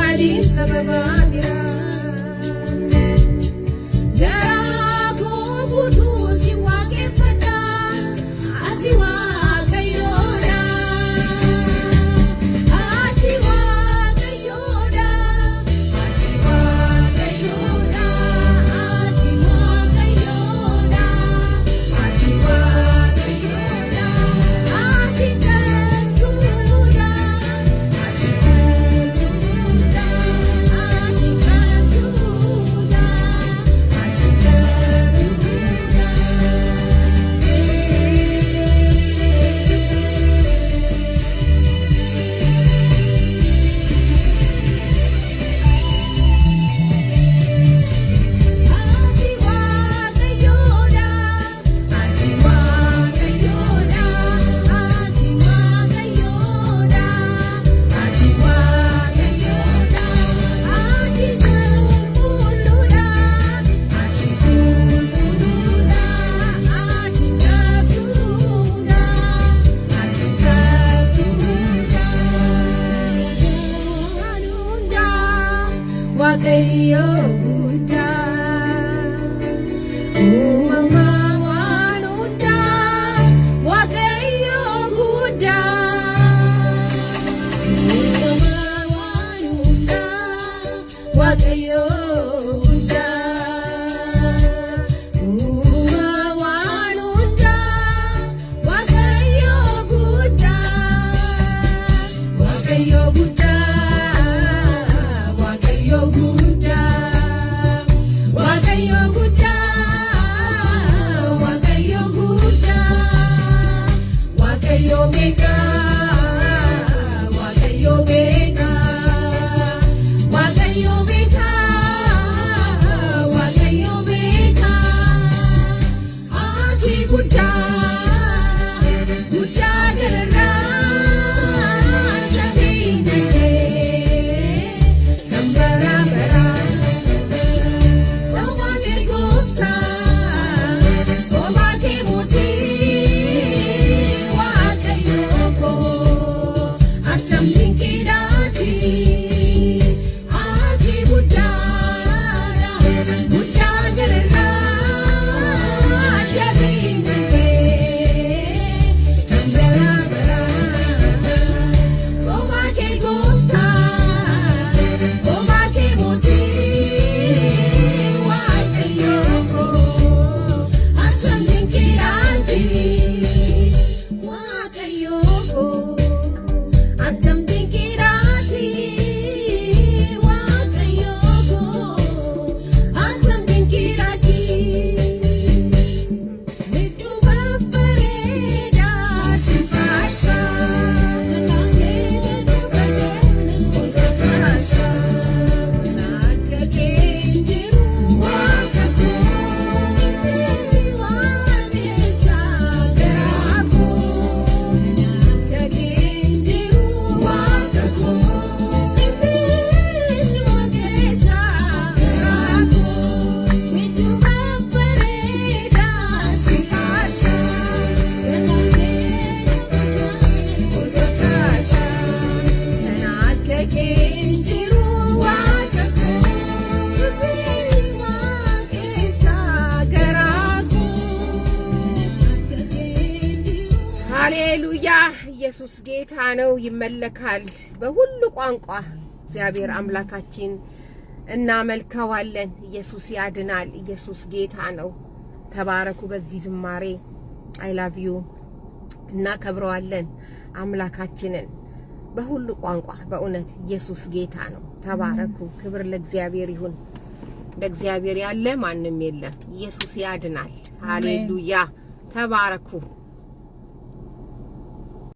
Молиться баба Мира. Hey, yo. ሃሌሉያ! ኢየሱስ ጌታ ነው፣ ይመለካል። በሁሉ ቋንቋ እግዚአብሔር አምላካችን እናመልከዋለን። ኢየሱስ ያድናል። ኢየሱስ ጌታ ነው። ተባረኩ። በዚህ ዝማሬ አይ ላቭ ዩ እናከብረዋለን አምላካችንን በሁሉ ቋንቋ። በእውነት ኢየሱስ ጌታ ነው። ተባረኩ። ክብር ለእግዚአብሔር ይሁን። ለእግዚአብሔር ያለ ማንም የለም። ኢየሱስ ያድናል። ሃሌሉያ! ተባረኩ።